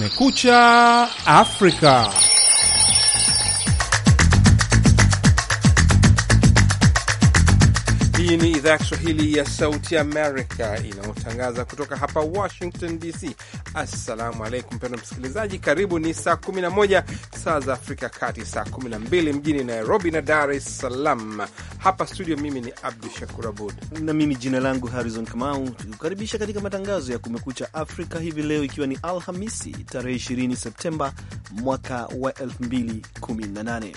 Me escucha África. Hii ni idhaa ya Kiswahili ya Sauti Amerika inayotangaza kutoka hapa Washington DC. Assalamu alaikum pendo msikilizaji, karibu. Ni saa 11 saa za Afrika Kati, saa 12 mjini Nairobi na Dar es Salaam. Hapa studio, mimi ni Abdu Shakur Abud na mimi jina langu Harrison Kamau, tukukaribisha katika matangazo ya Kumekucha Afrika hivi leo, ikiwa ni Alhamisi tarehe 20 Septemba mwaka wa 2018.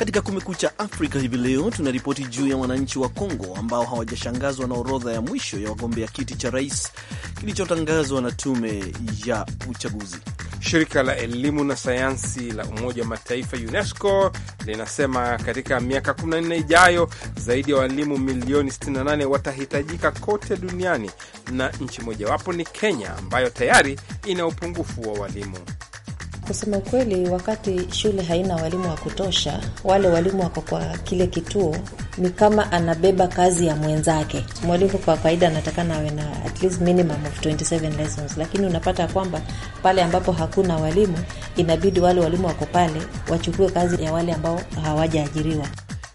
Katika Kumekucha Afrika hivi leo tunaripoti juu ya wananchi wa Kongo ambao hawajashangazwa na orodha ya mwisho ya wagombea kiti cha rais kilichotangazwa na tume ya uchaguzi. Shirika la elimu na sayansi la Umoja wa Mataifa UNESCO linasema katika miaka 14 ijayo zaidi ya wa walimu milioni 68 watahitajika kote duniani na nchi mojawapo ni Kenya ambayo tayari ina upungufu wa walimu. Kusema ukweli, wakati shule haina walimu wa kutosha, wale walimu wako kwa kile kituo ni kama anabeba kazi ya mwenzake. Mwalimu kwa kawaida anatakana awe na at least minimum of 27 lessons, lakini unapata kwamba pale ambapo hakuna walimu, inabidi wale walimu wako pale wachukue kazi ya wale ambao hawajaajiriwa.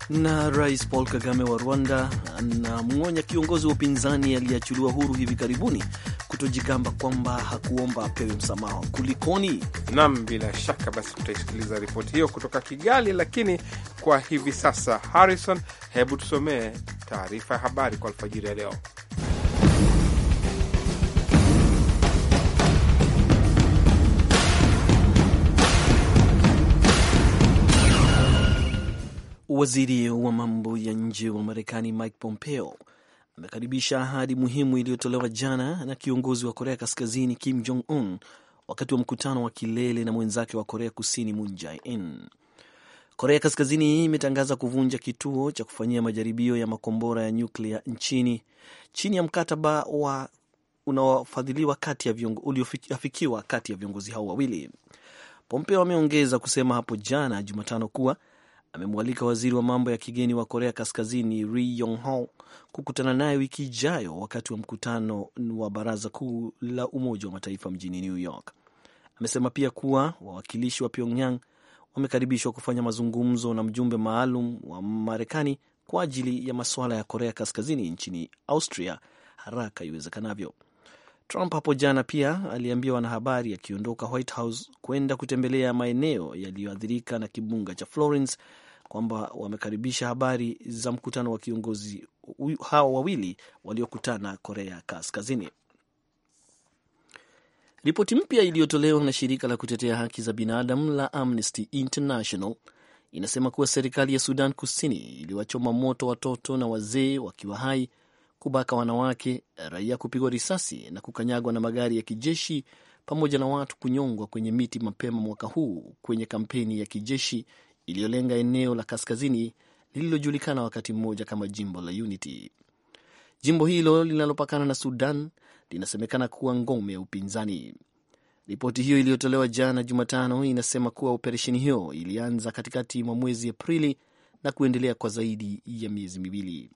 Na Rais Paul Kagame wa Rwanda anamwonya kiongozi wa upinzani aliyeachuliwa huru hivi karibuni kutojigamba kwamba hakuomba apewe msamaha. Kulikoni? Nam, bila shaka basi tutaisikiliza ripoti hiyo kutoka Kigali, lakini kwa hivi sasa, Harrison, hebu tusomee taarifa ya habari kwa alfajiri ya leo. Waziri wa mambo ya nje wa Marekani Mike Pompeo amekaribisha ahadi muhimu iliyotolewa jana na kiongozi wa Korea Kaskazini Kim Jong Un wakati wa mkutano wa kilele na mwenzake wa Korea Kusini Moon Jae-in. Korea Kaskazini imetangaza kuvunja kituo cha kufanyia majaribio ya makombora ya nyuklia nchini chini ya mkataba wa unaofadhiliwa kati ya viongo, uliofikiwa kati ya viongozi hao wawili. Pompeo ameongeza kusema hapo jana Jumatano kuwa amemwalika waziri wa mambo ya kigeni wa Korea Kaskazini Ri Yong Ho kukutana naye wiki ijayo wakati wa mkutano wa Baraza Kuu la Umoja wa Mataifa mjini New York. Amesema pia kuwa wawakilishi wa Pyongyang wamekaribishwa kufanya mazungumzo na mjumbe maalum wa Marekani kwa ajili ya masuala ya Korea Kaskazini nchini Austria haraka iwezekanavyo. Trump hapo jana pia aliambia wanahabari akiondoka White House kwenda kutembelea maeneo yaliyoathirika na kimbunga cha Florence kwamba wamekaribisha habari za mkutano wa kiongozi hawa wawili waliokutana Korea Kaskazini. Ripoti mpya iliyotolewa na shirika la kutetea haki za binadamu la Amnesty International inasema kuwa serikali ya Sudan Kusini iliwachoma moto watoto na wazee wakiwa hai, kubaka wanawake, raia kupigwa risasi na kukanyagwa na magari ya kijeshi pamoja na watu kunyongwa kwenye miti mapema mwaka huu kwenye kampeni ya kijeshi iliyolenga eneo la kaskazini lililojulikana wakati mmoja kama jimbo la Unity. Jimbo hilo linalopakana na Sudan linasemekana kuwa ngome ya upinzani. Ripoti hiyo iliyotolewa jana Jumatano inasema kuwa operesheni hiyo ilianza katikati mwa mwezi Aprili na kuendelea kwa zaidi ya miezi miwili.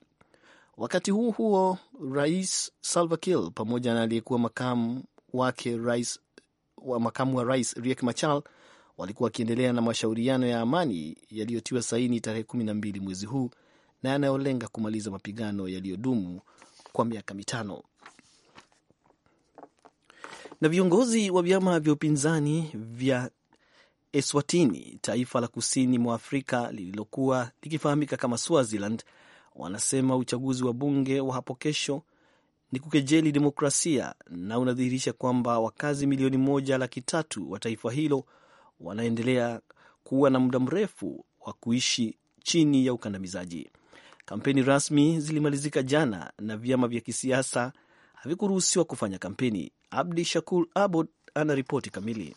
Wakati huo huo, Rais Salva Kiir pamoja na aliyekuwa makamu wake rais, wa makamu wa rais Riek Machar walikuwa wakiendelea na mashauriano ya amani yaliyotiwa saini tarehe kumi na mbili mwezi huu na yanayolenga kumaliza mapigano yaliyodumu kwa miaka mitano. Na viongozi wa vyama vya upinzani vya Eswatini, taifa la kusini mwa Afrika lililokuwa likifahamika kama Swaziland, wanasema uchaguzi wa bunge wa hapo kesho ni kukejeli demokrasia na unadhihirisha kwamba wakazi milioni moja laki tatu wa taifa hilo wanaendelea kuwa na muda mrefu wa kuishi chini ya ukandamizaji. Kampeni rasmi zilimalizika jana na vyama vya kisiasa havikuruhusiwa kufanya kampeni. Abdi Shakur Abod ana ripoti kamili.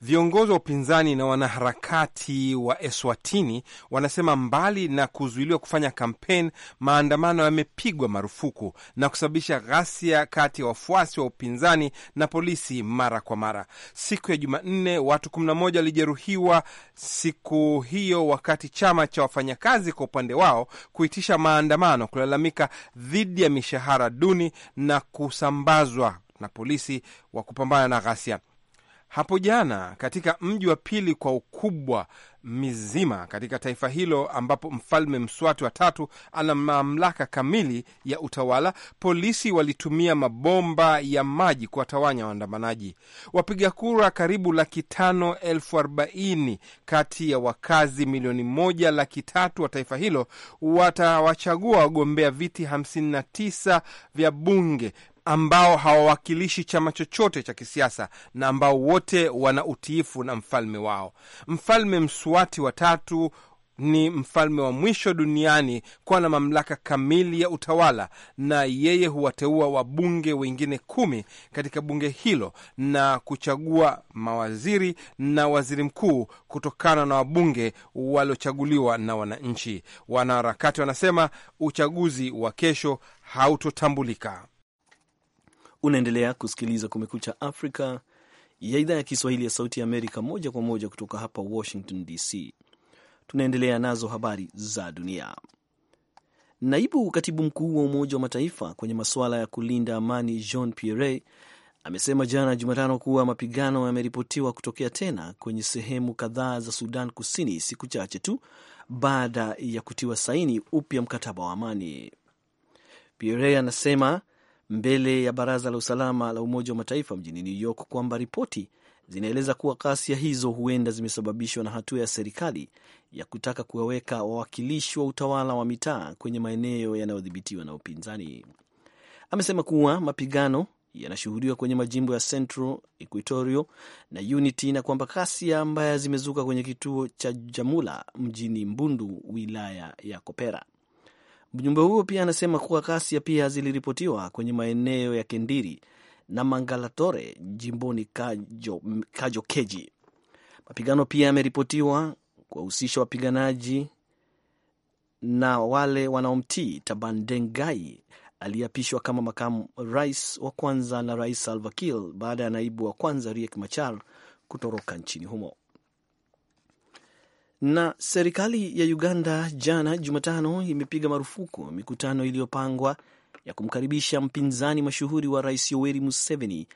Viongozi wa upinzani na wanaharakati wa Eswatini wanasema mbali na kuzuiliwa kufanya kampeni, maandamano yamepigwa marufuku na kusababisha ghasia kati ya wafuasi wa upinzani na polisi mara kwa mara. Siku ya Jumanne watu 11 walijeruhiwa siku hiyo, wakati chama cha wafanyakazi kwa upande wao kuitisha maandamano kulalamika dhidi ya mishahara duni na kusambazwa na polisi wa kupambana na ghasia hapo jana katika mji wa pili kwa ukubwa mizima katika taifa hilo ambapo mfalme Mswati wa tatu ana mamlaka kamili ya utawala. Polisi walitumia mabomba ya maji kuwatawanya waandamanaji. Wapiga kura karibu laki tano elfu arobaini kati ya wakazi milioni moja laki tatu wa taifa hilo watawachagua wagombea viti 59 vya bunge ambao hawawakilishi chama chochote cha kisiasa na ambao wote wana utiifu na mfalme wao. Mfalme Mswati watatu ni mfalme wa mwisho duniani kuwa na mamlaka kamili ya utawala, na yeye huwateua wabunge wengine kumi katika bunge hilo na kuchagua mawaziri na waziri mkuu kutokana na wabunge waliochaguliwa na wananchi. Wanaharakati wanasema uchaguzi wa kesho hautotambulika. Unaendelea kusikiliza Kumekucha Afrika ya idhaa ya Kiswahili ya Sauti ya Amerika, moja kwa moja kutoka hapa Washington DC. Tunaendelea nazo habari za dunia. Naibu katibu mkuu wa Umoja wa Mataifa kwenye masuala ya kulinda amani Jean Pierre amesema jana Jumatano kuwa mapigano yameripotiwa kutokea tena kwenye sehemu kadhaa za Sudan Kusini, siku chache tu baada ya kutiwa saini upya mkataba wa amani. Pierre anasema mbele ya Baraza la Usalama la Umoja wa Mataifa mjini New York kwamba ripoti zinaeleza kuwa ghasia hizo huenda zimesababishwa na hatua ya serikali ya kutaka kuwaweka wawakilishi wa utawala wa mitaa kwenye maeneo yanayodhibitiwa na upinzani. Amesema kuwa mapigano yanashuhudiwa kwenye majimbo ya Central, Equatorio na Unity na kwamba ghasia mbaya zimezuka kwenye kituo cha Jamula mjini Mbundu, wilaya ya Kopera. Mjumbe huo pia anasema kuwa ghasia pia ziliripotiwa kwenye maeneo ya Kendiri na Mangalatore jimboni Kajo, Kajo Keji. Mapigano pia yameripotiwa kuwahusisha wapiganaji na wale wanaomtii Taban aliyeapishwa kama makamu rais wa kwanza na Rais Salva Kiir baada ya naibu wa kwanza Riek Machar kutoroka nchini humo. Na serikali ya Uganda jana Jumatano imepiga marufuku mikutano iliyopangwa ya kumkaribisha mpinzani mashuhuri wa rais Yoweri Museveni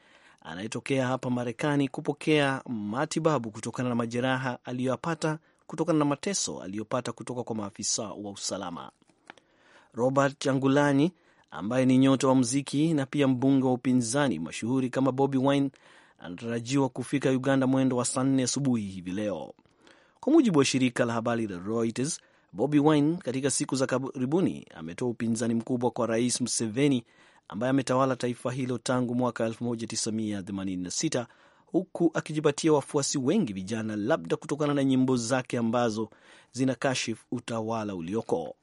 anayetokea hapa Marekani kupokea matibabu kutokana na majeraha aliyoyapata kutokana na mateso aliyopata kutoka kwa maafisa wa usalama. Robert Changulani ambaye ni nyota wa muziki na pia mbunge wa upinzani mashuhuri kama Bobi Wine anatarajiwa kufika Uganda mwendo wa saa nne asubuhi hivi leo. Kwa mujibu wa shirika la habari la Reuters, Bobi Wine katika siku za karibuni ametoa upinzani mkubwa kwa Rais Museveni ambaye ametawala taifa hilo tangu mwaka 1986 huku akijipatia wafuasi wengi vijana, labda kutokana na nyimbo zake ambazo zina kashifu utawala ulioko.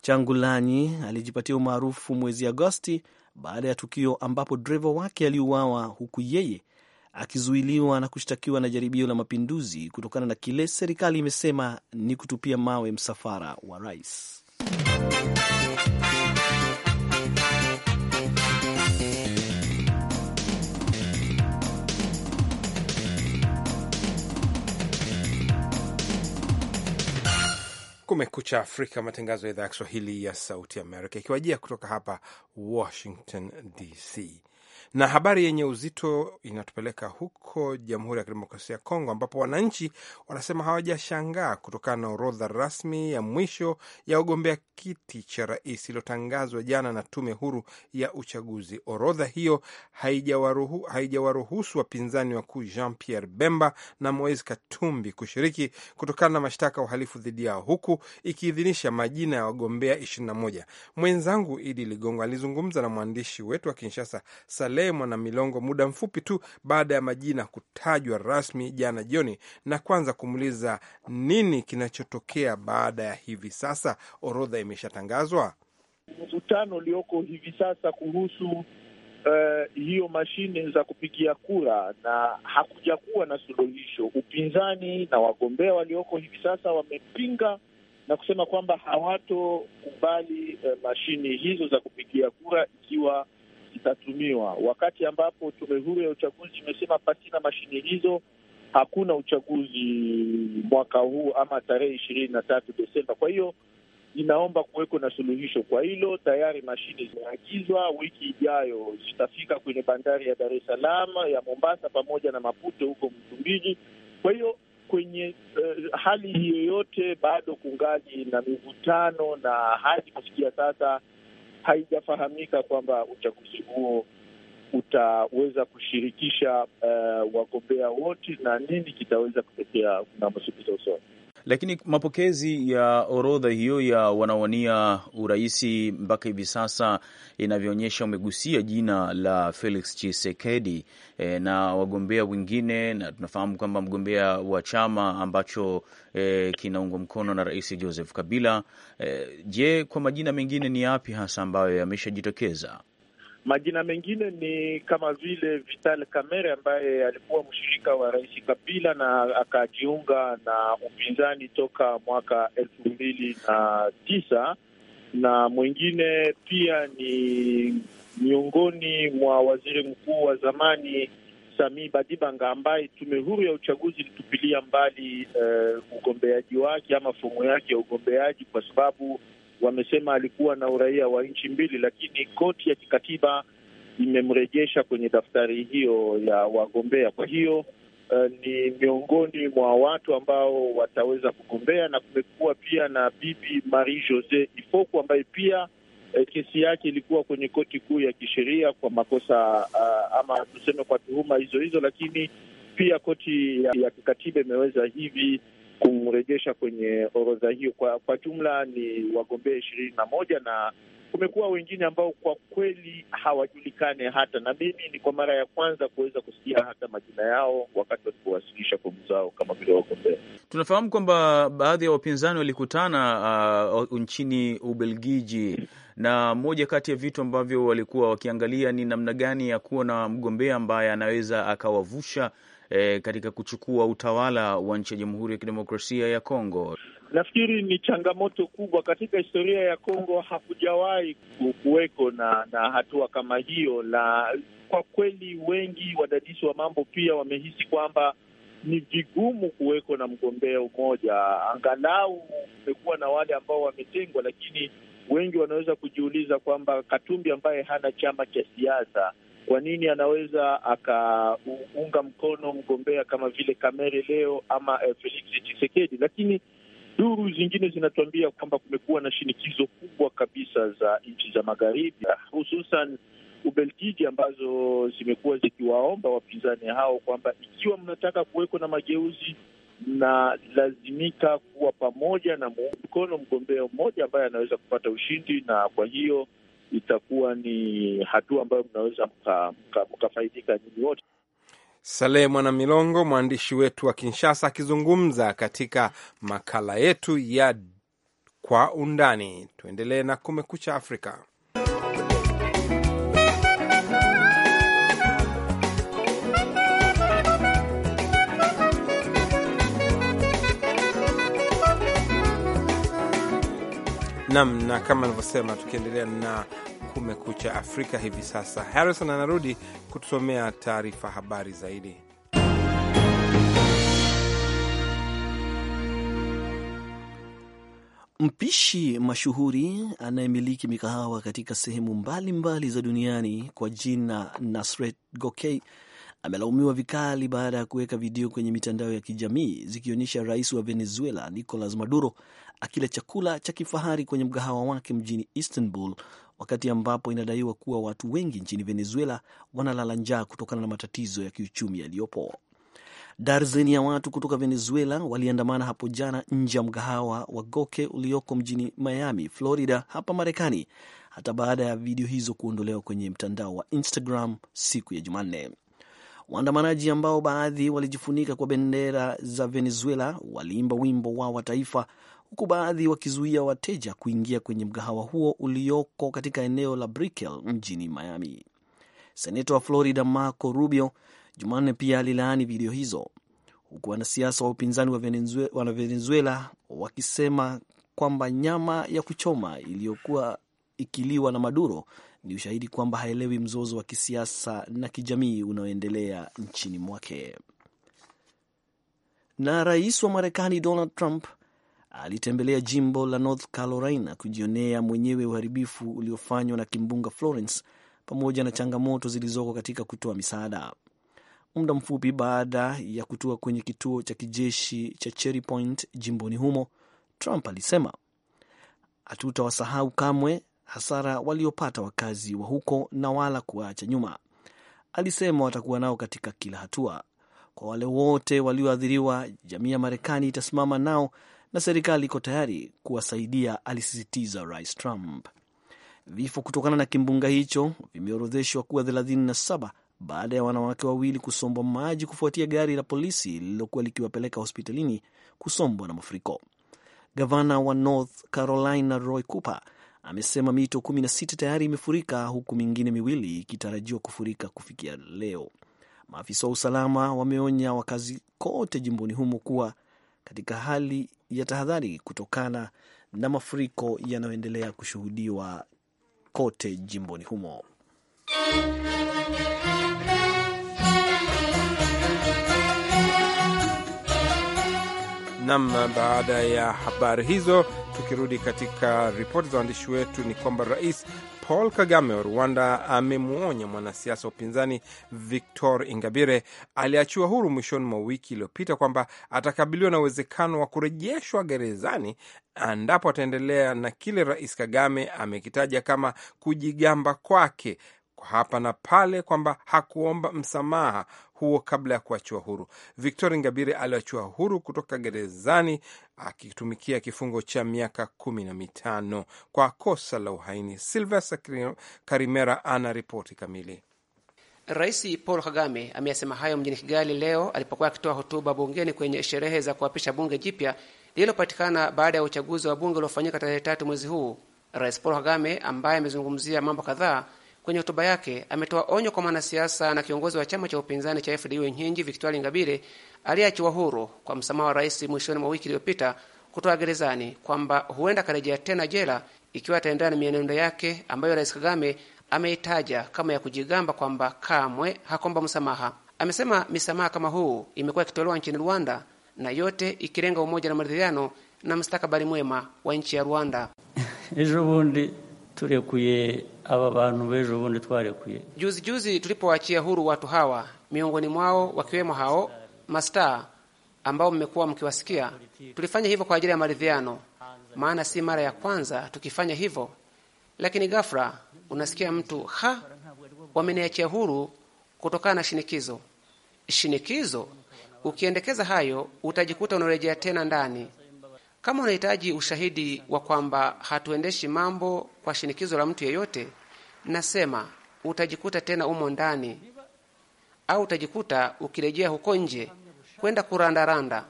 Changulanyi alijipatia umaarufu mwezi Agosti baada ya tukio ambapo dereva wake aliuawa, huku yeye akizuiliwa na kushtakiwa na jaribio la mapinduzi kutokana na kile serikali imesema ni kutupia mawe msafara wa rais. Kumekucha Afrika, matangazo ya idhaa ya Kiswahili ya Sauti Amerika ikiwajia kutoka hapa Washington DC. Na habari yenye uzito inatupeleka huko Jamhuri ya Kidemokrasia ya Kongo, ambapo wananchi wanasema hawajashangaa kutokana na orodha rasmi ya mwisho ya wagombea kiti cha rais iliyotangazwa jana na tume huru ya uchaguzi. Orodha hiyo haijawaruhusu wapinzani wakuu Jean Pierre Bemba na Moise Katumbi kushiriki kutokana na mashtaka ya uhalifu dhidi yao, huku ikiidhinisha majina ya wagombea 21. Mwenzangu Idi Ligongo alizungumza na mwandishi wetu wa Kinshasa Sale na milongo muda mfupi tu baada ya majina kutajwa rasmi jana jioni, na kwanza kumuuliza nini kinachotokea baada ya hivi sasa. Orodha imeshatangazwa, mvutano ulioko hivi sasa kuhusu Uh, hiyo mashine za kupigia kura na hakujakuwa na suluhisho. Upinzani na wagombea walioko hivi sasa wamepinga na kusema kwamba hawatokubali uh, eh, mashine hizo za kupigia kura ikiwa zitatumiwa, wakati ambapo tume huru ya uchaguzi imesema pasina mashine hizo hakuna uchaguzi mwaka huu ama tarehe ishirini na tatu Desemba. Kwa hiyo inaomba kuweko na suluhisho kwa hilo. Tayari mashine zimeagizwa, wiki ijayo zitafika kwenye bandari ya Dar es Salaam, ya Mombasa pamoja na Maputo huko Msumbiji. Kwa hiyo kwenye uh, hali hiyo yote bado kungali na mivutano na hadi kufikia sasa haijafahamika kwamba uchaguzi huo utaweza kushirikisha uh, wagombea wote na nini kitaweza kutokea mnamo siku za usoni. Lakini mapokezi ya orodha hiyo ya wanawania uraisi mpaka hivi sasa inavyoonyesha umegusia jina la Felix chisekedi e, eh, na wagombea wengine, na tunafahamu kwamba mgombea wa chama ambacho e, kinaungwa mkono na Rais Joseph Kabila. E, je, kwa majina mengine ni yapi hasa ambayo yameshajitokeza? Majina mengine ni kama vile Vital Kamerhe ambaye alikuwa mshirika wa Rais Kabila na akajiunga na upinzani toka mwaka elfu mbili na tisa na mwingine pia ni miongoni mwa waziri mkuu wa zamani Sami Badibanga ambaye tume huru ya uchaguzi ilitupilia mbali uh, ugombeaji wake ama fomu yake ya ugombeaji kwa sababu wamesema alikuwa na uraia wa nchi mbili, lakini koti ya kikatiba imemrejesha kwenye daftari hiyo ya wagombea. Kwa hiyo uh, ni miongoni mwa watu ambao wataweza kugombea, na kumekuwa pia na bibi Marie Jose Ifoku ambaye pia uh, kesi yake ilikuwa kwenye koti kuu ya kisheria kwa makosa uh, ama tuseme kwa tuhuma hizo hizo, lakini pia koti ya, ya kikatiba imeweza hivi kumrejesha kwenye orodha hiyo. Kwa, kwa jumla ni wagombea ishirini na moja na kumekuwa wengine ambao kwa kweli hawajulikane hata, na mimi ni kwa mara ya kwanza kuweza kusikia hata majina yao wakati walipowasilisha fomu zao kama vile wagombea. Tunafahamu kwamba baadhi ya wapinzani walikutana uh, nchini Ubelgiji, na moja kati ya vitu ambavyo walikuwa wakiangalia ni namna gani ya kuwa na mgombea ambaye anaweza akawavusha eh, katika kuchukua utawala wa nchi ya Jamhuri ya Kidemokrasia ya Kongo? Nafikiri ni changamoto kubwa katika historia ya Kongo, hakujawahi kuweko na, na hatua kama hiyo. La, kwa kweli wengi wadadisi wa mambo pia wamehisi kwamba ni vigumu kuweko na mgombea umoja. Angalau kumekuwa na wale ambao wametengwa, lakini wengi wanaweza kujiuliza kwamba Katumbi ambaye hana chama cha siasa kwa nini anaweza akaunga mkono mgombea kama vile Kamere leo ama eh, Felix Tshisekedi? Lakini duru zingine zinatuambia kwamba kumekuwa na shinikizo kubwa kabisa za nchi za magharibi, hususan Ubelgiji, ambazo zimekuwa zikiwaomba wapinzani hao kwamba ikiwa mnataka kuweko na mageuzi na lazimika kuwa pamoja na mkono mgombea mmoja ambaye anaweza kupata ushindi, na kwa hiyo itakuwa ni hatua ambayo mnaweza mkafaidika nyinyi wote. Saleh milongo mwandishi wetu wa Kinshasa, akizungumza katika makala yetu ya Kwa Undani. Tuendelee na Kumekucha Afrika. nam, na kama alivyosema, tukiendelea na Kumekucha Afrika hivi sasa, Harrison anarudi kutusomea taarifa habari zaidi. Mpishi mashuhuri anayemiliki mikahawa katika sehemu mbalimbali mbali za duniani kwa jina Nasret Gokey amelaumiwa vikali baada ya kuweka video kwenye mitandao ya kijamii zikionyesha rais wa Venezuela Nicolas Maduro akila chakula cha kifahari kwenye mgahawa wake mjini Istanbul, wakati ambapo inadaiwa kuwa watu wengi nchini Venezuela wanalala njaa kutokana na matatizo ya kiuchumi yaliyopo. Darzeni ya watu kutoka Venezuela waliandamana hapo jana nje ya mgahawa wa Goke ulioko mjini Miami, Florida, hapa Marekani, hata baada ya video hizo kuondolewa kwenye mtandao wa Instagram siku ya Jumanne. Waandamanaji ambao baadhi walijifunika kwa bendera za Venezuela waliimba wimbo wao wa taifa, huku baadhi wakizuia wateja kuingia kwenye mgahawa huo ulioko katika eneo la Brickell mjini Miami. Seneta wa Florida Marco Rubio Jumanne pia alilaani video hizo, huku wanasiasa wa upinzani wa Venezuela wakisema kwamba nyama ya kuchoma iliyokuwa ikiliwa na Maduro ni ushahidi kwamba haelewi mzozo wa kisiasa na kijamii unaoendelea nchini mwake. Na rais wa Marekani Donald Trump alitembelea jimbo la North Carolina kujionea mwenyewe uharibifu uliofanywa na kimbunga Florence pamoja na changamoto zilizoko katika kutoa misaada. Muda mfupi baada ya kutua kwenye kituo cha kijeshi cha Cherry Point jimboni humo, Trump alisema hatutawasahau kamwe hasara waliopata wakazi wa huko na wala kuwaacha nyuma. Alisema watakuwa nao katika kila hatua. Kwa wale wote walioathiriwa, jamii ya Marekani itasimama nao na serikali iko tayari kuwasaidia, alisisitiza Rais Trump. Vifo kutokana na kimbunga hicho vimeorodheshwa kuwa 37 baada ya wanawake wawili kusombwa maji kufuatia gari la polisi lililokuwa likiwapeleka hospitalini kusombwa na mafuriko. Gavana wa North Carolina Roy Cooper amesema mito 16 tayari imefurika huku mingine miwili ikitarajiwa kufurika kufikia leo. Maafisa wa usalama wameonya wakazi kote jimboni humo kuwa katika hali ya tahadhari kutokana na mafuriko yanayoendelea kushuhudiwa kote jimboni humo. Nam, baada ya habari hizo, tukirudi katika ripoti za waandishi wetu ni kwamba rais Paul Kagame wa Rwanda amemwonya mwanasiasa wa upinzani Victor Ingabire aliachiwa huru mwishoni mwa wiki iliyopita kwamba atakabiliwa na uwezekano wa kurejeshwa gerezani endapo ataendelea na kile rais Kagame amekitaja kama kujigamba kwake hapa na pale kwamba hakuomba msamaha huo kabla ya kuachiwa huru. Victori Ngabire aliachiwa huru kutoka gerezani akitumikia kifungo cha miaka kumi na mitano kwa kosa la uhaini. Silvester Karimera ana ripoti kamili. Rais Paul Kagame ameyasema hayo mjini Kigali leo alipokuwa akitoa hotuba bungeni kwenye sherehe za kuapisha bunge jipya lililopatikana baada ya uchaguzi wa bunge uliofanyika tarehe tatu mwezi huu. Rais Paul Kagame ambaye amezungumzia mambo kadhaa Kwenye hotuba yake ametoa onyo kwa mwanasiasa na kiongozi wa chama cha upinzani cha FDU Nyingi Victoire Ngabire aliyeachiwa huru kwa msamaha wa rais mwishoni mwa wiki iliyopita kutoka gerezani kwamba huenda akarejea tena jela ikiwa ataendelea na mienendo yake ambayo rais Kagame ameitaja kama ya kujigamba kwamba kamwe hakomba msamaha. Amesema misamaha kama huu imekuwa ikitolewa nchini Rwanda na yote ikilenga umoja na maridhiano na mstakabali mwema wa nchi ya Rwanda. ejo bundi turekuye aba bantu b'ejo bundi twarekuye juzi juzi tulipoachia huru watu hawa, miongoni mwao wakiwemo hao masta ambao mmekuwa mkiwasikia. Tulifanya hivyo kwa ajili ya maridhiano, maana si mara ya kwanza tukifanya hivyo, lakini ghafla unasikia mtu ha, wameniachia huru kutokana na shinikizo. Shinikizo ukiendekeza hayo, utajikuta unarejea tena ndani. Kama unahitaji ushahidi wa kwamba hatuendeshi mambo kwa shinikizo la mtu yeyote, Nasema utajikuta tena umo ndani, au utajikuta ukirejea huko nje kwenda kurandaranda,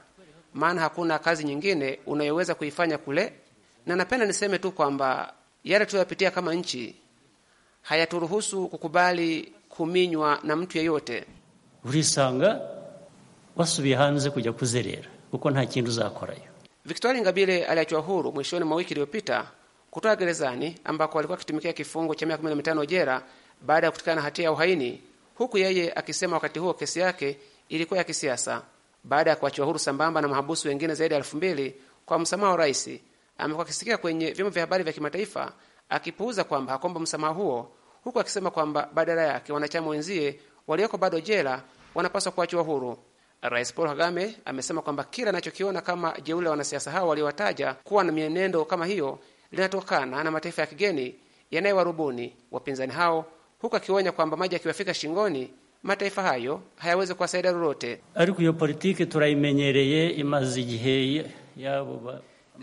maana hakuna kazi nyingine unayoweza kuifanya kule. Na napenda niseme tu kwamba yale tuyoyapitia kama nchi hayaturuhusu kukubali kuminywa na mtu yeyote. ulisanga wasubiye hanze kuja kuzerera kuko nta kintu uzakorayo. Victoria Ngabire aliachwa huru mwishoni mwa wiki iliyopita kutoka gerezani ambako alikuwa akitumikia kifungo cha miaka 15 jela baada ya kutikana na hatia ya uhaini, huku yeye akisema wakati huo kesi yake ilikuwa ya kisiasa. Baada ya kuachiwa huru sambamba na mahabusu wengine zaidi ya elfu mbili kwa msamaha wa rais, amekuwa akisikia kwenye vyombo vya habari vya kimataifa akipuuza kwamba hakuomba msamaha huo, huku akisema kwamba badala yake wanachama wenzie walioko bado jela wanapaswa kuachiwa huru. Rais Paul Kagame amesema kwamba kila anachokiona kama jeuri la wanasiasa hao waliowataja kuwa na mienendo kama hiyo linatokana na mataifa ya kigeni yanayewarubuni wapinzani hao, huku akionya kwamba maji yakiwafika shingoni mataifa hayo hayawezi kuwasaidia lolote. ariko iyo turaimenyereye imaze igihe yabo.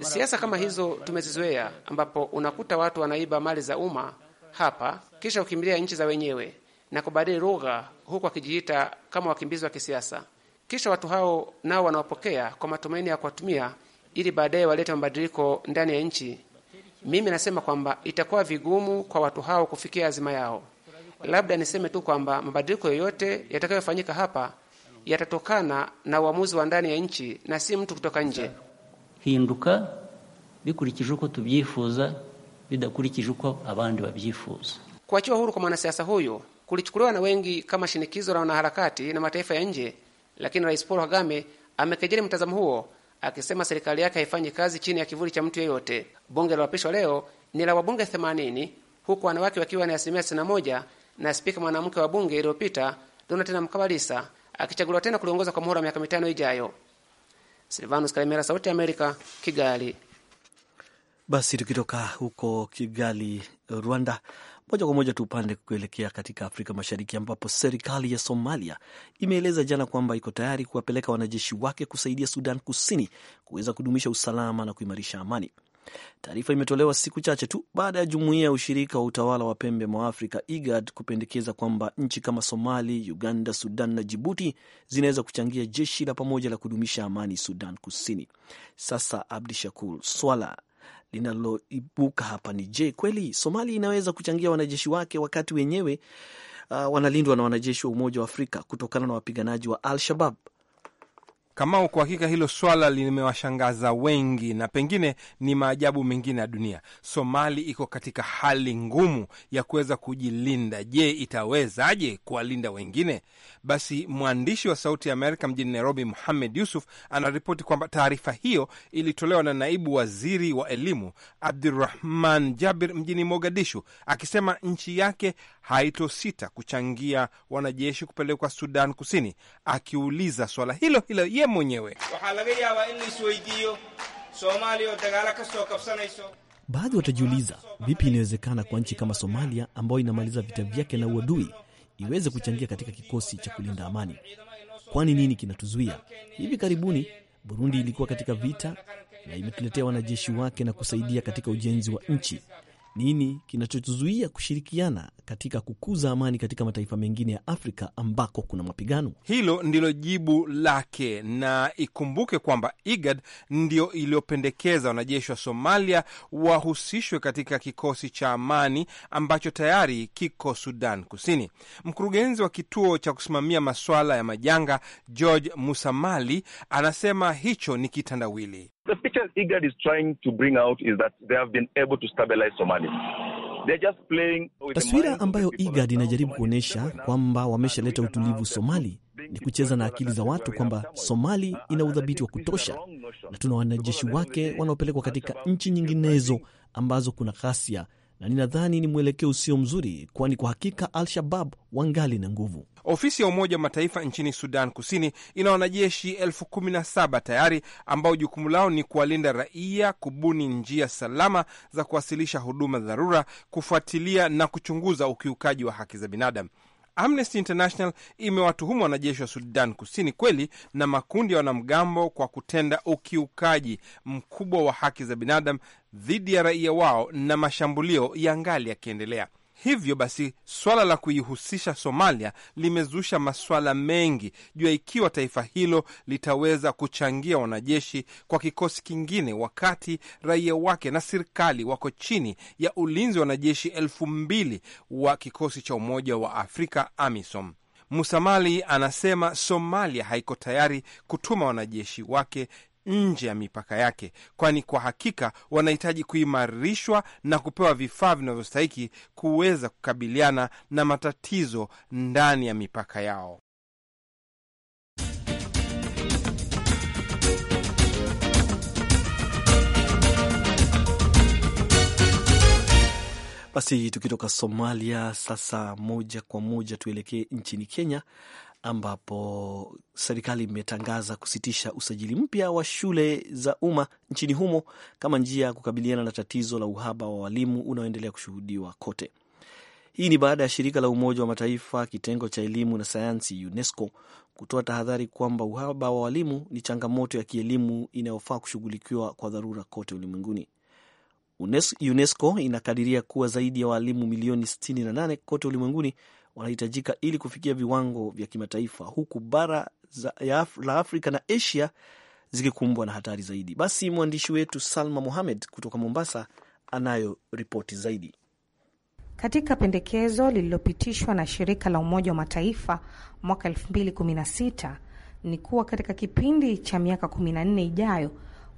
Siasa kama hizo tumezizoea, ambapo unakuta watu wanaiba mali za umma hapa kisha kukimbilia nchi za wenyewe na kubadili lugha, huku wakijiita kama wakimbizi wa kisiasa. Kisha watu hao nao wanawapokea kwa matumaini ya kuwatumia ili baadaye walete mabadiliko ndani ya nchi. Mimi nasema kwamba itakuwa vigumu kwa watu hao kufikia azima yao. Labda niseme tu kwamba mabadiliko yoyote yatakayofanyika hapa yatatokana na uamuzi wa ndani ya nchi na si mtu kutoka nje. hinduka bikurikije uko tubyifuza bidakurikije uko abandi babyifuza. Kuachiwa huru kwa mwanasiasa huyu kulichukuliwa na wengi kama shinikizo la wanaharakati na mataifa ya nje, lakini Rais Paul Kagame amekejeli mtazamo huo akisema serikali yake haifanyi kazi chini ya kivuli cha mtu yeyote. Bunge lililopishwa leo ni la wabunge 80 huku wanawake wakiwa ni asilimia 61 na spika mwanamke wa bunge iliyopita Donatena Mkabalisa akichaguliwa tena kuliongoza kwa muhula wa miaka mitano ijayo. Silvanus Kalemera, Sauti ya Amerika, Kigali. Basi tukitoka huko Kigali, Rwanda, moja kwa moja tupande kuelekea katika Afrika Mashariki, ambapo serikali ya Somalia imeeleza jana kwamba iko tayari kuwapeleka wanajeshi wake kusaidia Sudan Kusini kuweza kudumisha usalama na kuimarisha amani. Taarifa imetolewa siku chache tu baada ya jumuiya ya ushirika wa utawala wa pembe mwa Afrika, IGAD, kupendekeza kwamba nchi kama Somali, Uganda, Sudan na Jibuti zinaweza kuchangia jeshi la pamoja la kudumisha amani Sudan Kusini. Sasa Abdi Shakur, swala linaloibuka hapa ni je, kweli Somalia inaweza kuchangia wanajeshi wake wakati wenyewe uh, wanalindwa na wanajeshi wa Umoja wa Afrika kutokana na wapiganaji wa Al Shabab? Kamau, kwa hakika hilo swala limewashangaza wengi na pengine ni maajabu mengine ya dunia. Somali iko katika hali ngumu ya kuweza kujilinda. Je, itawezaje kuwalinda wengine? Basi mwandishi wa Sauti ya Amerika mjini Nairobi, Muhamed Yusuf, anaripoti kwamba taarifa hiyo ilitolewa na naibu waziri wa elimu Abdurahman Jabir mjini Mogadishu, akisema nchi yake haitosita kuchangia wanajeshi kupelekwa Sudan Kusini, akiuliza swala hilo hilo mwenyewe. Baadhi watajiuliza vipi inawezekana kwa nchi kama Somalia ambayo inamaliza vita vyake na uadui iweze kuchangia katika kikosi cha kulinda amani. Kwani nini kinatuzuia? Hivi karibuni Burundi ilikuwa katika vita na imetuletea wanajeshi wake na kusaidia katika ujenzi wa nchi. Nini kinachotuzuia kushirikiana katika kukuza amani katika mataifa mengine ya Afrika ambako kuna mapigano. Hilo ndilo jibu lake, na ikumbuke kwamba IGAD ndio iliyopendekeza wanajeshi wa Somalia wahusishwe katika kikosi cha amani ambacho tayari kiko Sudan Kusini. Mkurugenzi wa kituo cha kusimamia masuala ya majanga George Musamali anasema hicho ni kitandawili. The Taswira ambayo IGAD inajaribu kuonyesha kwamba wameshaleta utulivu Somali ni kucheza na akili za watu kwamba Somali uh, ina udhabiti wa kutosha na tuna wanajeshi wake wanaopelekwa katika nchi nyinginezo ambazo kuna ghasia na ninadhani ni mwelekeo usio mzuri, kwani kwa hakika Al-Shabab wangali na nguvu. Ofisi ya Umoja wa Mataifa nchini Sudan Kusini ina wanajeshi elfu kumi na saba tayari ambao jukumu lao ni kuwalinda raia, kubuni njia salama za kuwasilisha huduma dharura, kufuatilia na kuchunguza ukiukaji wa haki za binadamu. Amnesty International imewatuhumu wanajeshi wa Sudan Kusini kweli na makundi ya wanamgambo kwa kutenda ukiukaji mkubwa wa haki za binadamu dhidi ya raia wao na mashambulio ya ngali yakiendelea. Hivyo basi swala la kuihusisha Somalia limezusha maswala mengi juu ya ikiwa taifa hilo litaweza kuchangia wanajeshi kwa kikosi kingine, wakati raia wake na serikali wako chini ya ulinzi wa wanajeshi elfu mbili wa kikosi cha Umoja wa Afrika, AMISOM. Musamali anasema Somalia haiko tayari kutuma wanajeshi wake nje ya mipaka yake, kwani kwa hakika wanahitaji kuimarishwa na kupewa vifaa vinavyostahiki kuweza kukabiliana na matatizo ndani ya mipaka yao. Basi tukitoka Somalia sasa, moja kwa moja tuelekee nchini Kenya ambapo serikali imetangaza kusitisha usajili mpya wa shule za umma nchini humo kama njia ya kukabiliana na tatizo la uhaba wa walimu unaoendelea kushuhudiwa kote. Hii ni baada ya shirika la Umoja wa Mataifa kitengo cha elimu na sayansi UNESCO kutoa tahadhari kwamba uhaba wa walimu ni changamoto ya kielimu inayofaa kushughulikiwa kwa dharura kote ulimwenguni. UNESCO inakadiria kuwa zaidi ya walimu milioni 68 kote ulimwenguni wanahitajika ili kufikia viwango vya kimataifa, huku bara la Afrika na Asia zikikumbwa na hatari zaidi. Basi mwandishi wetu Salma Mohamed kutoka Mombasa anayo ripoti zaidi. Katika pendekezo lililopitishwa na shirika la Umoja wa Mataifa mwaka 2016 ni kuwa katika kipindi cha miaka 14 ijayo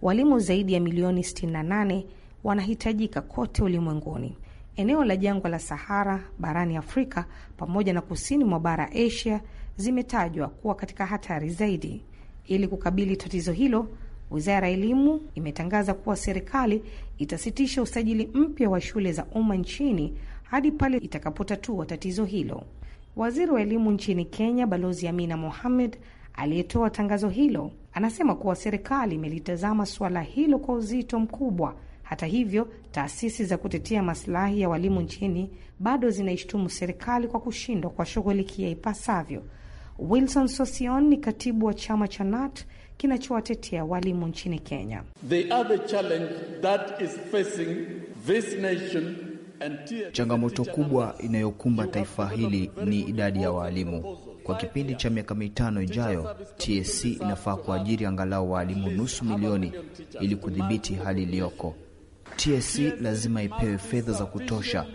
walimu zaidi ya milioni 68 wanahitajika kote ulimwenguni eneo la jangwa la Sahara barani Afrika pamoja na kusini mwa bara Asia zimetajwa kuwa katika hatari zaidi. Ili kukabili tatizo hilo, wizara ya elimu imetangaza kuwa serikali itasitisha usajili mpya wa shule za umma nchini hadi pale itakapotatua tatizo hilo. Waziri wa elimu nchini Kenya, Balozi Amina Mohamed, aliyetoa tangazo hilo, anasema kuwa serikali imelitazama suala hilo kwa uzito mkubwa hata hivyo, taasisi za kutetea masilahi ya walimu nchini bado zinaishtumu serikali kwa kushindwa kuwashughulikia ipasavyo. Wilson Sosion ni katibu wa chama cha NAT kinachowatetea walimu nchini Kenya. Changamoto kubwa inayokumba taifa hili ni idadi ya waalimu. Kwa kipindi cha miaka mitano ijayo, TSC inafaa kuajiri angalau waalimu nusu milioni ili kudhibiti hali iliyoko. TSC lazima ipewe fedha za kutosha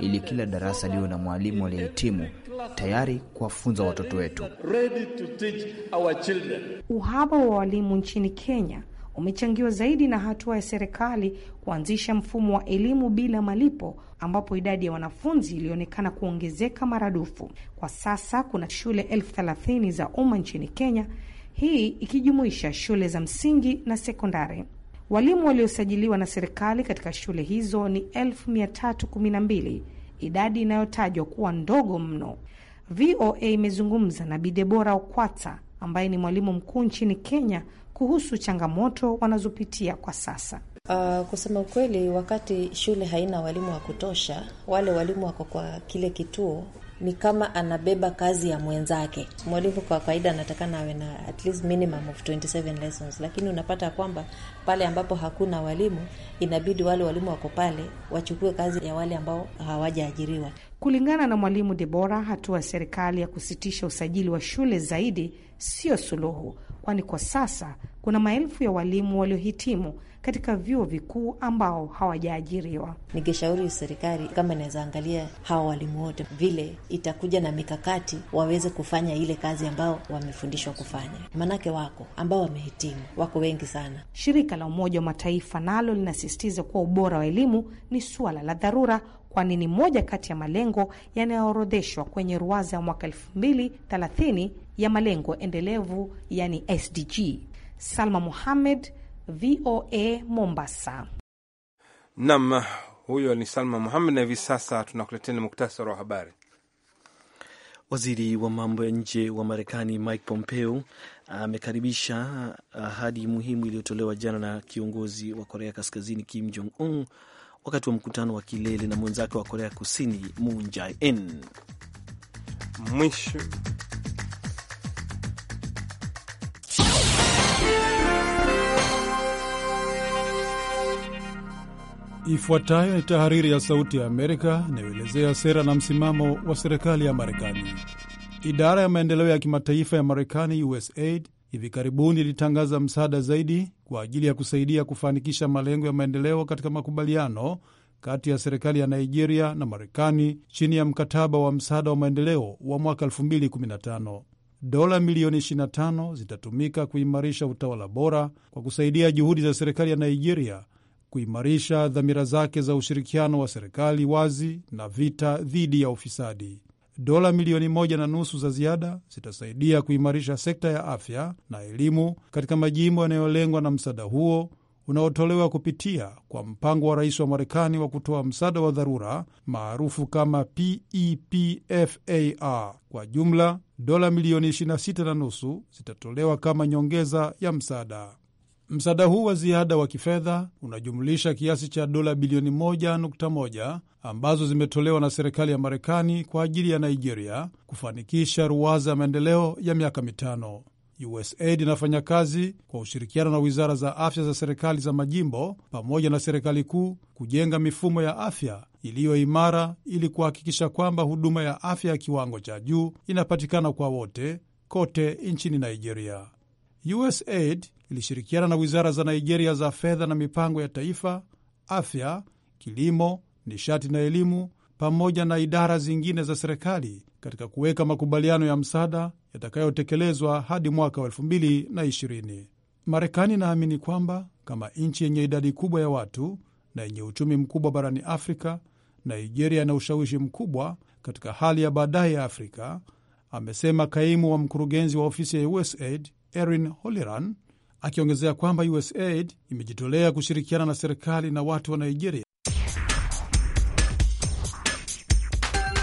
ili kila darasa liwe na mwalimu aliyehitimu tayari kuwafunza watoto wetu. Uhaba wa walimu nchini Kenya umechangiwa zaidi na hatua ya serikali kuanzisha mfumo wa elimu bila malipo ambapo idadi ya wanafunzi ilionekana kuongezeka maradufu. Kwa sasa kuna shule elfu thelathini za umma nchini Kenya, hii ikijumuisha shule za msingi na sekondari. Walimu waliosajiliwa na serikali katika shule hizo ni elfu idadi inayotajwa kuwa ndogo mno. VOA imezungumza na bidebora Okwata ambaye ni mwalimu mkuu nchini Kenya kuhusu changamoto wanazopitia kwa sasa. Uh, kusema ukweli, wakati shule haina walimu wa kutosha, wale walimu wako kwa kile kituo ni kama anabeba kazi ya mwenzake. Mwalimu kwa kawaida anatakana awe na at least minimum of 27 lessons, lakini unapata kwamba pale ambapo hakuna walimu inabidi wale walimu wako pale wachukue kazi ya wale ambao hawajaajiriwa. Kulingana na mwalimu Debora, hatua ya serikali ya kusitisha usajili wa shule zaidi sio suluhu, kwani kwa sasa kuna maelfu ya walimu waliohitimu katika vyuo vikuu ambao hawajaajiriwa. Ningeshauri serikali kama inaweza angalia hawa walimu wote vile itakuja na mikakati waweze kufanya ile kazi ambao wamefundishwa kufanya, maanake wako ambao wamehitimu wako wengi sana. Shirika la Umoja wa Mataifa nalo linasisitiza kuwa ubora wa elimu ni suala la dharura kwani ni moja kati ya malengo yanayoorodheshwa kwenye ruwaza ya mwaka 2030 ya malengo endelevu yani SDG. Salma Muhamed, VOA Mombasa. Nam, huyo ni Salma Muhamed, na hivi sasa tunakuletea muktasari wa habari. Waziri wa mambo ya nje wa Marekani Mike Pompeo amekaribisha ahadi muhimu iliyotolewa jana na kiongozi wa Korea Kaskazini Kim Jong Un wakati wa mkutano wa kilele na mwenzake wa Korea Kusini Moon Jae-in. Mwisho Ifuatayo ni tahariri ya Sauti ya Amerika inayoelezea sera na msimamo wa serikali ya Marekani. Idara ya maendeleo ya kimataifa ya Marekani, USAID, hivi karibuni ilitangaza msaada zaidi kwa ajili ya kusaidia kufanikisha malengo ya maendeleo katika makubaliano kati ya serikali ya Nigeria na Marekani chini ya mkataba wa msaada wa maendeleo wa mwaka 2015. Dola milioni 25 zitatumika kuimarisha utawala bora kwa kusaidia juhudi za serikali ya Nigeria kuimarisha dhamira zake za ushirikiano wa serikali wazi na vita dhidi ya ufisadi. Dola milioni moja na nusu za ziada zitasaidia kuimarisha sekta ya afya na elimu katika majimbo yanayolengwa na msaada huo unaotolewa kupitia kwa mpango wa rais wa Marekani wa kutoa msaada wa dharura maarufu kama PEPFAR. Kwa jumla dola milioni 26 na nusu zitatolewa kama nyongeza ya msaada. Msaada huu wa ziada wa kifedha unajumlisha kiasi cha dola bilioni 1.1 ambazo zimetolewa na serikali ya Marekani kwa ajili ya Nigeria kufanikisha ruwaza ya maendeleo ya miaka mitano. USAID inafanya kazi kwa ushirikiano na wizara za afya za serikali za majimbo pamoja na serikali kuu kujenga mifumo ya afya iliyo imara ili kuhakikisha kwamba huduma ya afya ya kiwango cha juu inapatikana kwa wote kote nchini Nigeria. USAID ilishirikiana na wizara za Nigeria za fedha na mipango ya taifa, afya, kilimo, nishati na elimu, pamoja na idara zingine za serikali katika kuweka makubaliano ya msaada yatakayotekelezwa hadi mwaka wa 220 Marekani inaamini kwamba kama nchi yenye idadi kubwa ya watu na yenye uchumi mkubwa barani Afrika, Nigeria ina ushawishi mkubwa katika hali ya baadaye ya Afrika, amesema kaimu wa mkurugenzi wa ofisi ya USAID Erin Holiran akiongezea kwamba USAID imejitolea kushirikiana na serikali na watu wa Nigeria